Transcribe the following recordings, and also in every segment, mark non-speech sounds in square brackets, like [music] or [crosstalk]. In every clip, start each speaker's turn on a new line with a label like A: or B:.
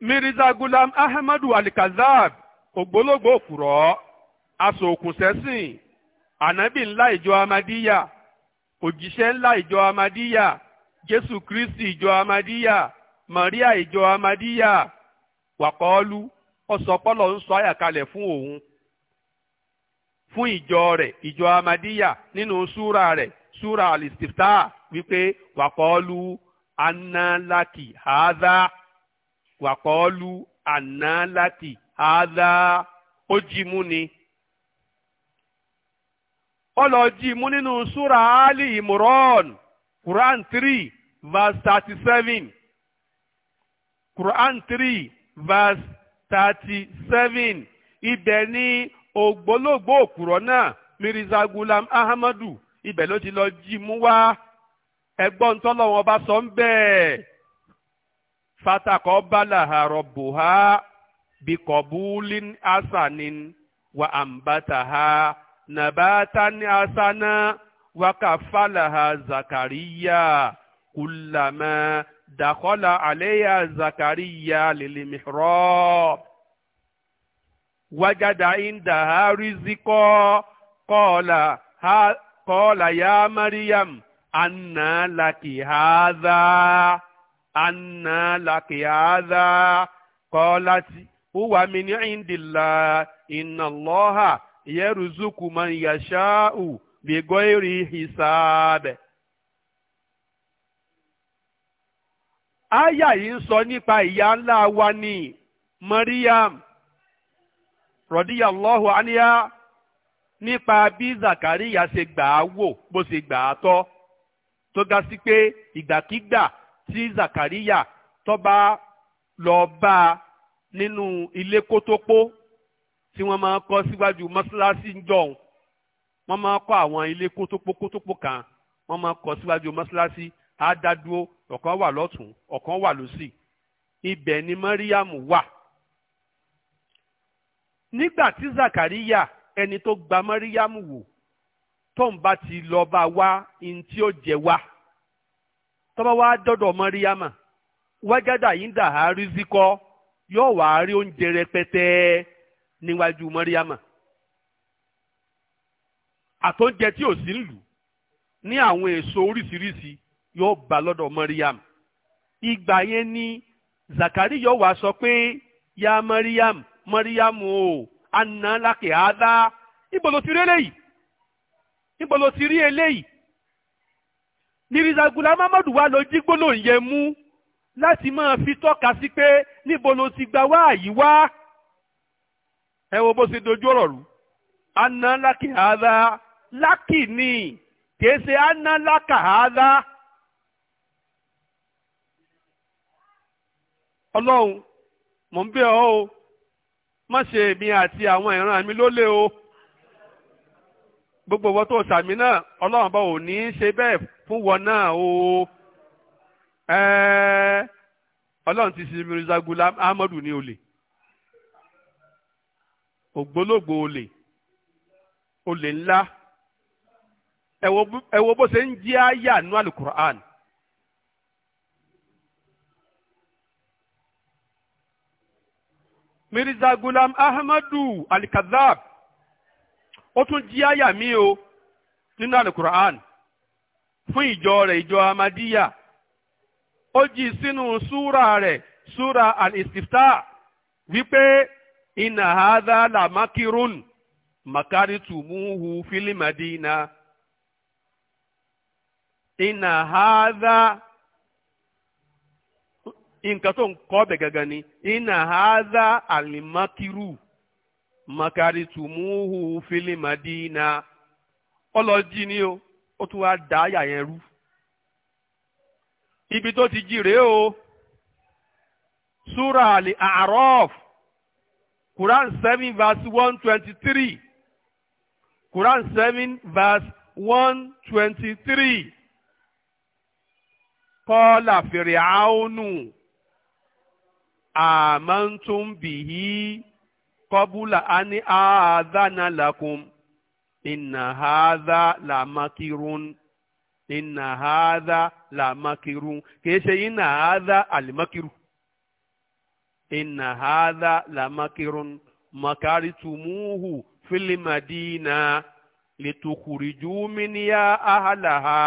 A: mirza gulam ahmadu alikazab ògbólógbò òkùrọ̀ asòòkùnsẹ́sìn Anabi nla ijo amadiya òjíṣẹ́ ńlá ìjọ kristi ijo amadiya maria ijo amadiya wàkọ́ọ́lù ọ̀sọ̀pọ̀lọ̀ ń Fun-Ohun, fún òun fún ìjọ Amadiya, ninu Sura nínú Sura alistifta wípé wàkọ́ọ́lù haza. wàkọ́ọ́lù àná láti àádá ó jí mú ni. ó lọ jí mú nínú súra ali imran quran three verse thirty seven quran three verse thirty seven ibẹ̀ ni ògbólógbò òkúrọ̀ náà mirza gulam ahmadu ibẹ̀ ló ti lọ jí mú wá ẹgbọ́n tọ́lọ́wọ́n ọba sọ ń bẹ́ẹ̀. فتقبلها ربها بقبول حسن وأنبتها نباتا حسنا وكفلها زكريا كلما دخل عليها زكريا للمحراب وجد عندها رزقا قال قال يا مريم أنا لك هذا anna lakiyaza kọlati huwa min indila inna allaha yaruzuku man yasha'u bigoiri hisabe. aya yìí n sọ nípa ìyá ńlá wa n'i mariam rọdíyàlọ́hù aníyá nípa bí zakariya ṣe gbà á wò bó ṣe gbà á tọ́ tó ga sí pé ìgbàkigbà tí Zakariya tó bá lọ bá a nínú ilé kótópó tí wọ́n máa kọ́ síwájú mọ́ṣáláṣí jọ̀hún wọ́n máa kọ́ àwọn ilé kótópó kótópó kan wọ́n máa kọ́ síwájú mọ́ṣáláṣí á dá dúró ọ̀kan wà lọ́tún ọ̀kan wà lọ́sì ibẹ̀ ni Mariam wà. nígbà tí Zakariya ẹni tó gba Mariam wò tóun bá ti lọ bá wá ihun tí ó jẹ wá. tọ́ba wá dọ́dọ̀ mọ́ríyámà wájádà yìí ń dà á rí síkọ́ yóò wá rí oúnjẹ rẹpẹtẹ níwájú mọ́ríyámà àtọ́jẹ tí ò sí ń lù ní àwọn èso oríṣiríṣi yóò bá lọ́dọ̀ mọ́ríyámà ìgbà yẹn ni zakari yóò wá sọ pé ya mariam mariam o àná lákè á dá ibo ló ti rí eléyìí ibo ló ti rí eléyìí mirisa gulam amadu wa lọ jí gbólóhùn yẹn mú láti máa fi tọ́ka sí pé níbo ló ti gba wáàyí wá ẹ wo bó ṣe dojú ọ̀rọ̀ rú aná lákì àádá lákì ni kìí ṣe aná lákà àádá ọlọ́run mò ń bẹ̀ ọ́ o má ṣe èmi àti àwọn ìran mi lólè o gbogbo wọn tó sàmì náà ọlọ́run bá ò ní í ṣe bẹ́ẹ̀ fún wọn náà o ọlọ́run ti sin Mirza Ghulam Ahmadu ní olè ògbólógbò olè olè ńlá ẹ wo bó ṣe ń jí àyà nú alukur'an Mirza Ghulam Ahmadu alikazab ó tún jí àyà mi o nínú alukur'an fún ìjọ rẹ̀ ìjọ amadiya ó jí sínú súra rẹ̀ súra al wípé inna hadha la makirun makaritumuhu fil madina inna haza, nǹkan tó ń kọ́ bẹ̀ gangan ni inna hadha alimakiru makari tumuhu filimadina ọlọ́jì ni o ó tún wá dá àyà yẹn rú ibi tó ti jí rèé o sura ali arof quran seven verse one twenty three quran seven verse one twenty three kọ́lá fìrìhánù àmọ́ntúnbìhí kọ́búlà á ní àádánà làkùn ìnà àádá làmákírún ìnà àádá làmákírún kìí ṣe ìnà àádá àlìmákírù ìnà àádá làmákírún màkàrìtùmúhù fílímàdínà lìtùkùrìjú mínìyà áhàlàhà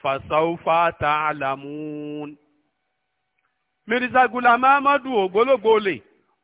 A: fàṣàwùfà tààlàmùún. mírísà gùlàmà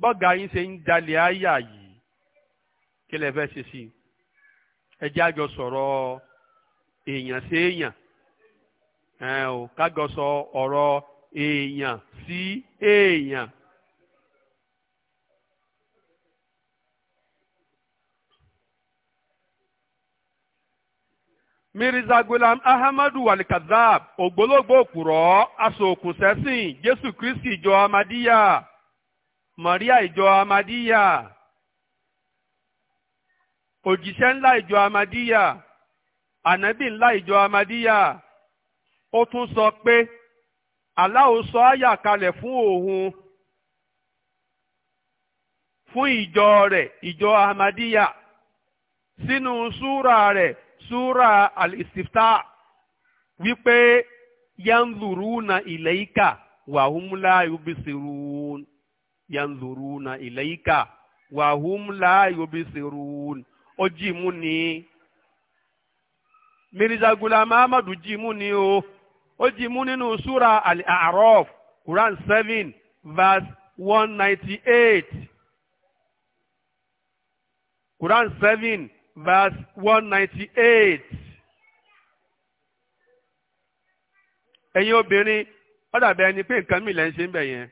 A: bọ́gà yín ṣe ń dalẹ̀ àyà yìí kí lè fẹ́ ṣe sí i ẹ jẹ́ àjọ sọ̀rọ̀ èèyàn sí èèyàn ẹ ò kájọ sọ ọ̀rọ̀ èèyàn sí èèyàn. mirza gulam ahmadu alikazab ògbólógbòó òpùrọ́ asòòkùnsẹ́sìn jésù kristi ìjọ amadíyà. Maria ìjọ Amadíyà òjíṣẹ́ ńlá ìjọ Amadíyà ànábì ńlá ìjọ Amadíyà ó tún sọ pé Allah ó sọ àyà kalẹ̀ fún òun fún ìjọ rẹ̀ ìjọ Amadíyà sínú súra rẹ̀ súra al-istifta wípé yanzuruna ilayka wa hum la yubsirun yanzuruna ilayka wa hum la yubsirun ó jí mú ni mirza gulam amadu jí mú ni o ó jí mú nínú súra al-a'raf quran seven verse one quran seven verse one ninety obìnrin ó ẹni pé nǹkan mìíràn ṣe ń bẹ̀ yẹn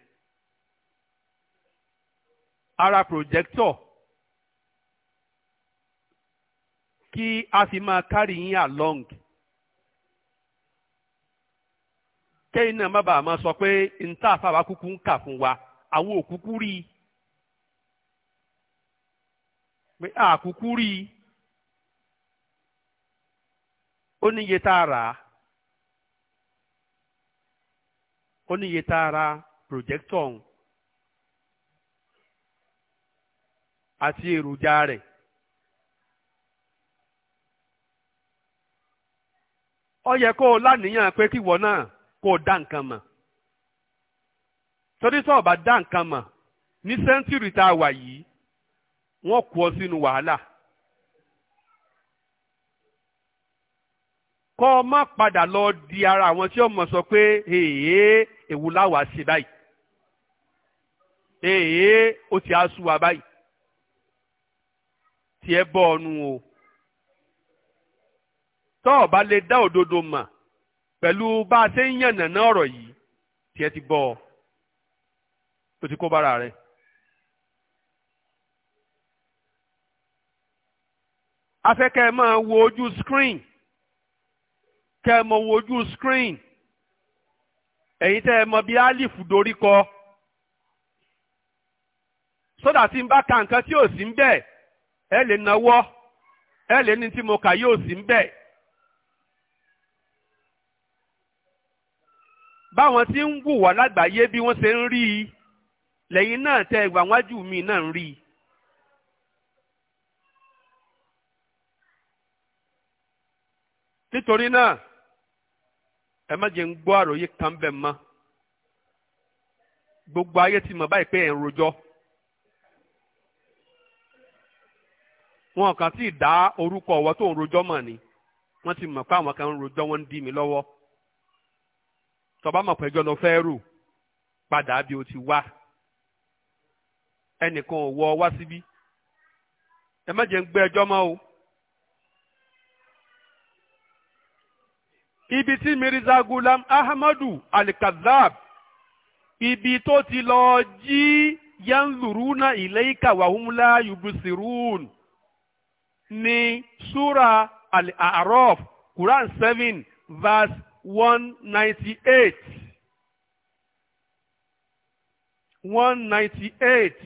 A: ara projector kí a fi máa carry yín along kẹ́yìn náà má bàa máa sọ pé níta àfàwà kúkú ń kà fún wa àwọn òkúkú rí i pé àkúkú rí i ó níye tá a rà á ó níye tá a ra projector ọ̀hún. àti èròjà rẹ̀ Ọ yẹ kó o láníyàn pé kíwọ náà kó o dá nǹkan mọ̀ torí tó bá dá nǹkan mọ̀ ní sẹ́ńtúrì tá a wà yìí wọ́n kú ọ sínú wàhálà. kọ́ ọ má padà lọ di ara àwọn tí ó mọ̀ sọ pé èèyàn èwù láwàá ṣe báyìí èèyàn ó ti á sú wa báyìí. tiẹ̀ bọ́ ọnu o tọ́ ọ bá lè dá òdodo mà pẹ̀lú bá a ṣe ń yànnàná ọ̀rọ̀ yìí tiẹ̀ ti bọ́ ọ tó ti kó bára rẹ̀. afẹ́ kẹ́ ẹ máa wo ojú screen kẹ́ ẹ mọ wo ojú screen ẹ̀yin tẹ́ ẹ mọ bí alif dorí kọ sódà tí n bá ka nǹkan tí ò sí ń bẹ́ẹ̀ ẹ lè nawọ́ ẹ lè ní tí mo kà yóò sí ń bẹ̀. báwọn tí ń wù wá lágbàáyé bí wọ́n ṣe ń rí i lẹ́yìn náà tẹ ìwà wájú mi náà ń rí i. nítorí náà ẹ má jẹ́ ń gbọ́ àròyé kan bẹ́ẹ̀ mọ́ gbogbo ayé ti mọ̀ báyìí pé ẹ̀ ń rojọ́. wọn kàn sì dá orúkọ ọwọ́ tó ń rojọ́ mọ̀ ni wọ́n ti mọ̀ pé àwọn kan ń rojọ́ wọ́n ń dí mi lọ́wọ́ tọba mọ̀ pẹ́jọ́ lọ fẹ́ rò padà bí o ti wá ẹnìkan ò wọ wá síbí ẹ má jẹ́ ń gbé ẹjọ́ mọ́ o. ibi tí Mirza Gulam Ahmadu alikazab, kazab ibi tó ti lọ jí yanzuruna ilayka wa hum la ní súra al-A'raf Quran seven verse one ninety eight one ninety eight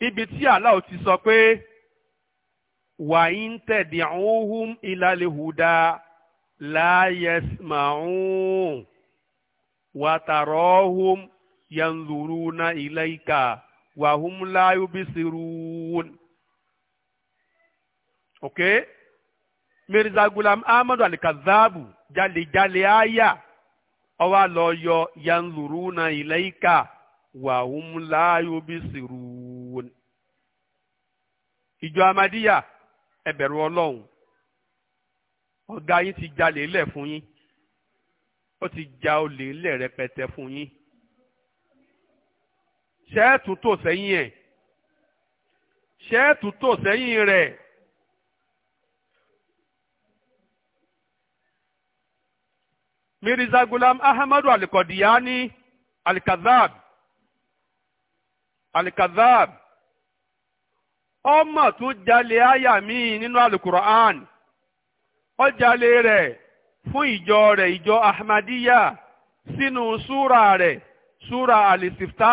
A: ibi tí Allah ti sọ pé wàyín tẹ̀díhùn ìlàlẹ́hùdá la yasma'un wàtàrọ́hùn yanzuruna ilayka wàhùn láyò bí sirun. ok mirza gulam ahmadu alikazabu jalejale aya ọwọ́ àlọ́ yọ yanzuruna ilayka wàhùn láyò bí sirun. ìjọ amadiya ẹ bẹ̀rù ọlọ́run ọ̀gá ti jalè lẹ̀ fún yín ó ti ja olè lẹ̀ rẹpẹtẹ fún yín ṣẹ́ẹ̀tù tò sẹ́yìn ẹ̀ ṣẹ́ẹ̀tù tò sẹ́yìn rẹ̀. mirza gulam ahmadu alikodiyani alikazab alikazab ọmọ tún jalè àyà míì nínú alukur'an ó jalè rẹ̀ fún ìjọ rẹ̀ ìjọ ahmadiyya sínú súra rẹ̀ súra alisifta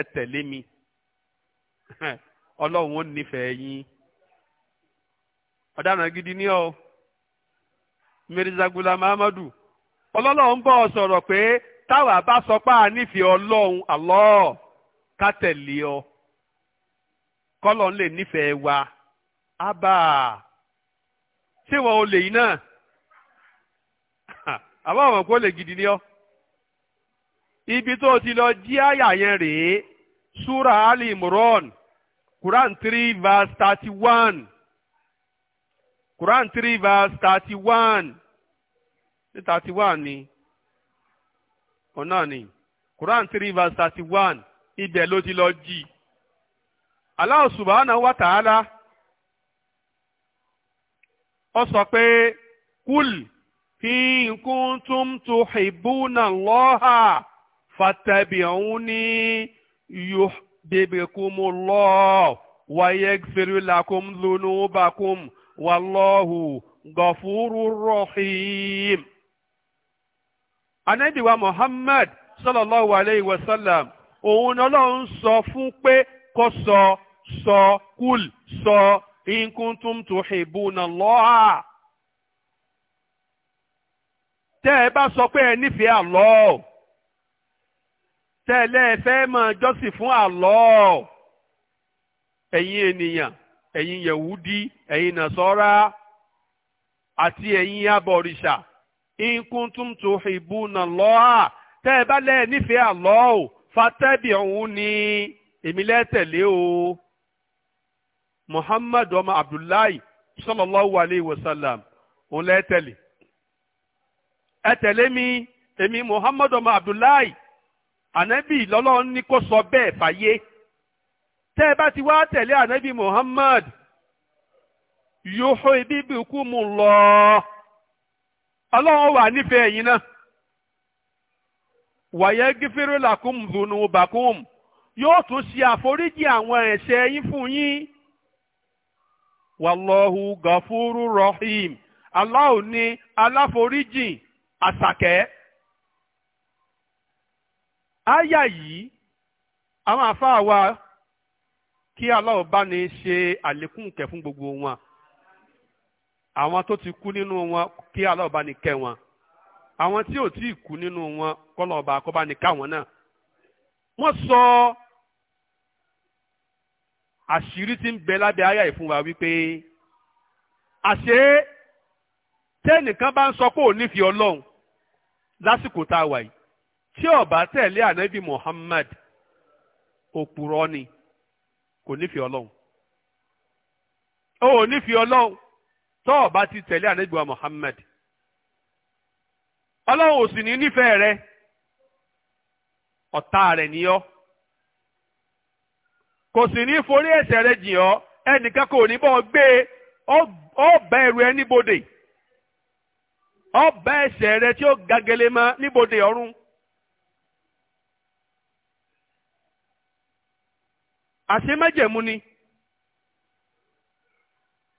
A: ẹ tẹ̀lé mi [laughs] ọlọ́run ó nífẹ̀ẹ́ yín ọ̀daràn gidi ní ọ Mirza Ghulam Ahmadu ọlọ́lọ́run ń bọ̀ sọ̀rọ̀ pé táwa bá sọ pé a nífẹ̀ẹ́ ọlọ́run Allah ká tẹ̀lé ọ kọ́lọ́n lè nífẹ̀ẹ́ wa ábà ṣé wọn ò lè yín náà [laughs] àbá àwọn kò lè gidi ní ọ ibi tó ti lọ jí àyà yẹn rèé Surah Ali Imran, Quran 3 verse 31. Quran 3 verse 31. 31 ni. ni. Quran 3 verse 31. Ibẹ̀ ló ti lọ jí. Allah subhanahu wa ta'ala. ọ sọ pé kúl in kuntum yuhbibkumullah wa yaghfir lakum dhunubakum wallahu ghafurur rahim. Ànábì wa Muhammad sallallahu alayhi wa sallam òun ni Ọlọ́run sọ fún pé kó sọ sọ kúl sọ in kuntum tuhibbuna Allah. Tẹ́ ẹ bá sọ pé ẹ nífẹ̀ẹ́ Allah. tẹ́lẹ̀ fẹ́ máa jọ́sìn fún Allah ẹ̀yin ènìyàn ẹ̀yin yẹ̀wúdí ẹ̀yin nàṣọ́ra àti ẹ̀yin abọ̀rìṣà in kuntum tuhibbuna Allah tẹ́ ẹ bá lẹ́ nífẹ̀ẹ́ Allah o fattabi'uni èmi lẹ́tẹ̀lé o muhammadu ọmọ Abdullahi sallallahu alayhi wa sallam òun lẹ́tẹ̀lé ẹ mi èmi muhammadu ọmọ Abdullahi. ànábì lọ́lọ́run ní kó sọ bẹ́ẹ̀ fàyé, tẹ́ ẹ bá ti wá tẹ̀lé ànábì Muhammad yòóhó ibi ibùkú mu lọ ọlọ́run wà nífẹ̀ẹ́ yín náà wàyẹ gífẹ́rẹ́ làkùn dùnú bàkùn yóò tún ṣe àforíjì àwọn ẹ̀ṣẹ̀ yín fún yín wàlọ́hu gàfúrú rọ́hìm aláwo ni aláforíjì àṣàkẹ́. áyà yìí àwọn àfáà wa kí aláwọ̀ bá ní ṣe àlékún kẹ̀ fún gbogbo wọn àwọn tó ti kú nínú wọn kí aláwọ̀ bá ní kẹ́ wọn àwọn tí ò tí ì kú nínú wọn kọ́lọ́ọ̀bá kọ́bá ní káwọn náà wọ́n sọ àṣírí tí ń bẹ lábẹ́ àyà ìfún wa wípé àṣé tẹ́nìkan bá ń sọ pé ò nífẹ̀ẹ́ ọlọ́run lásìkò tá a wà yìí tí ọba bá tẹ̀lé ànábì Muhammad òpùrọ́ ni kò nífẹ̀ẹ́ ọlọ́run ó nífẹ̀ẹ́ ọlọ́run tó ọba ti tẹ̀lé ànábì wa Muhammad ọlọ́run ò sì ní nífẹ̀ẹ́ rẹ ọ̀tá rẹ̀ ni ọ́ kò sì ní forí ẹ̀ṣẹ̀ rẹ jìn ọ́ ẹnìkan kò ní bọ́ gbé ọ e. bá ẹrù ẹ níbodè ọ bá rẹ tí ó gagele mọ́ níbodè ọ̀run. àṣé májẹ̀mú ni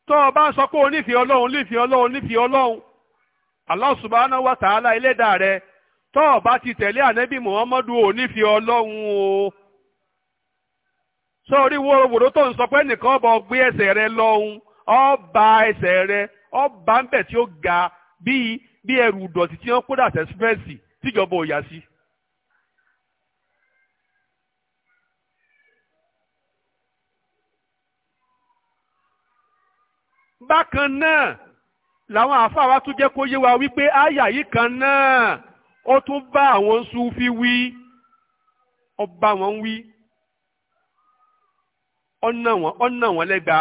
A: tó o bá sọ pé o nífẹ̀ẹ́ ọlọ́run nífẹ̀ẹ́ ọlọ́run nífẹ̀ẹ́ ọlọ́run o bá ti tẹ̀lé ànábì Muhammadu o nífẹ̀ẹ́ o sórí wòròwòrò tó ń sọ pé nìkan ọba ọgbé ẹsẹ̀ rẹ ọba ẹsẹ̀ rẹ ọba ń bẹ̀ tí ga bíi bi ẹrù ìdọ̀tí tí wọ́n kó dà tẹ́sífẹ́sì bákan náà làwọn àáfàá wa tún jẹ́ kó yé wa wípé àyà yìí kan náà ó tún bá àwọn Súfí wí ó bá wọn wí ọ̀nà wọn ọ̀nà wọn lẹ́gba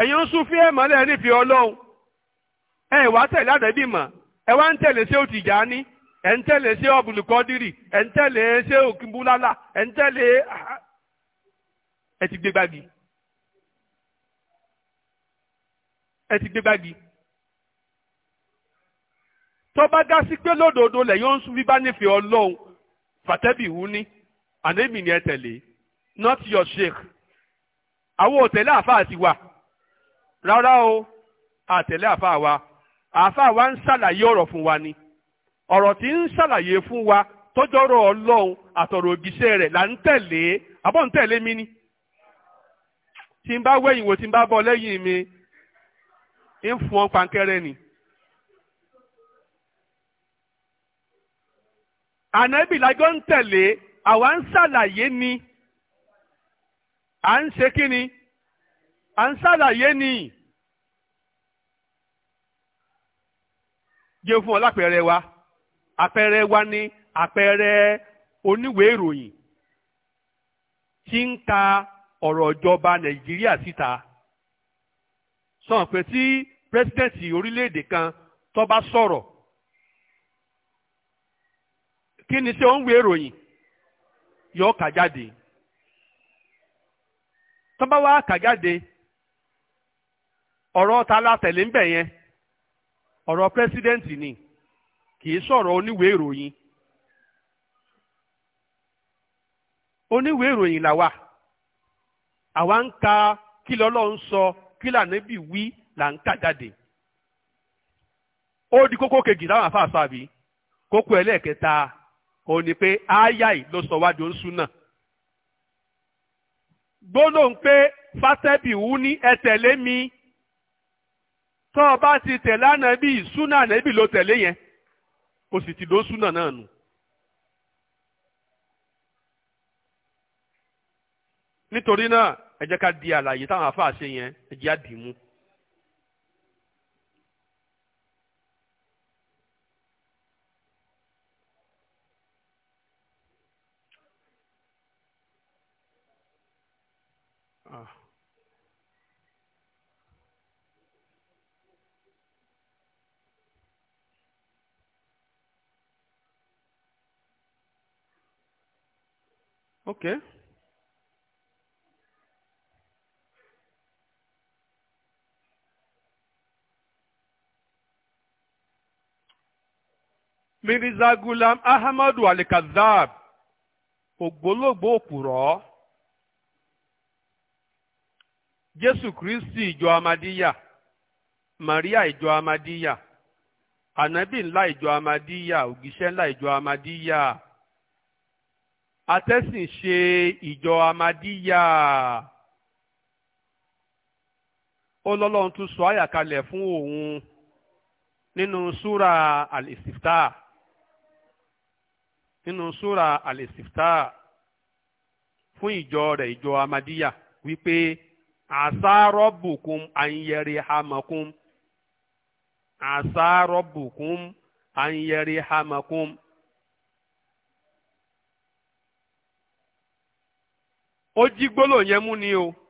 A: ẹ̀yin Súfí ẹ̀ mọ́lẹ̀ nífẹ̀ẹ́ Ọlọ́run ẹ̀ wá tẹ̀lé àdẹ́bí mọ̀ ẹ̀ wá ń tẹ̀lé ṣé ó ti jà ẹ̀ ń tẹ̀lé ṣé ọ̀bùnùkọ́dìrì ẹ̀ ń tẹ̀lé ṣé òkìbúlálà ẹ̀ ń tẹ̀lé ah, ah. ẹ̀ ti gbégbági. ẹ ti gbé gbági tó dá sí pé lódodo lẹ yóò ń sún bíbá nífẹ̀ẹ́ ọlọ́run fàtẹ́bì hù ní ànémì ẹ tẹ̀lé not your sheikh àwọn òtẹ̀lé àfáà ti wà rárá o àtẹ̀lé àfáà wa àfáà wa ń ṣàlàyé ọ̀rọ̀ fún wa ni ọ̀rọ̀ tí ń ṣàlàyé fún wa tọ́jọ́rọ̀ ọlọ́run àtọ̀rọ̀ òbíṣẹ́ rẹ̀ là ń tẹ̀lé àbọ̀ ń ni tí bá wẹ̀yìn tí bá ń fún ọ pankẹ́rẹ́ ni. ànábì lájọ́ ń tẹ̀lé àwa ń ṣàlàyé ni à ń ṣe kí ni à ń ṣàlàyé ni. jẹ́ fún ọ lápẹẹrẹ wa àpẹẹrẹ wa ni àpẹẹrẹ oníwèé ìròyìn tí ń ta ọ̀rọ̀ ìjọba nàìjíríà síta sọ̀n pé tí presidenti orílẹ̀-èdè kan tó bá sọ̀rọ̀ kí ni ṣé ó ń wé ìròyìn yóò kà jáde tó bá wá kà jáde ọ̀rọ̀ ta la ń bẹ̀ yẹn ọ̀rọ̀ pírẹsidẹ́ǹtì ni kì í sọ̀rọ̀ oníwèé ìròyìn oníwèé ìròyìn làwà àwa ń ka kí lọ́lọ́ ń sọ kí lànà bí wí là ń kà jáde ó di kókó kejì láwọn àfa àṣọ àbí kókó ẹlẹ́ẹ̀kẹta òun ni pé ááyáì ló sọ wájú oṣù náà gbólóhùn pé fásẹ́bì wú ní ẹ tẹ̀lé mi tó o bá ti tẹ̀lé ànábì súnà ànábì ló tẹ̀lé yẹn o sì ti ló súnà náà nù. nítorí náà ẹ jẹ́ ká di àlàyé táwọn afáàṣe yẹn ẹ jẹ́ àdìmú. Okay. Mirza Gulam Ahmadu Alikazab ògbólógbò òpùrọ́ Jésù Kristi ìjọ Amadíyà Màríà ìjọ Amadíyà Ànábì ńlá ìjọ Amadíyà ògìṣẹ́ ńlá ìjọ Amadíyà. atẹ́sìn ṣe ìjọ amadíyà ó lọ́lọ́run tún sọ àyàkalẹ̀ fún òun nínú súra al nínú súra al fún ìjọ rẹ̀ ìjọ amadíyà wípé àsárọ́bùkún àyẹ̀rì hamakum àsárọ́bùkún ó jí gbólóhùn yẹn mú ni o.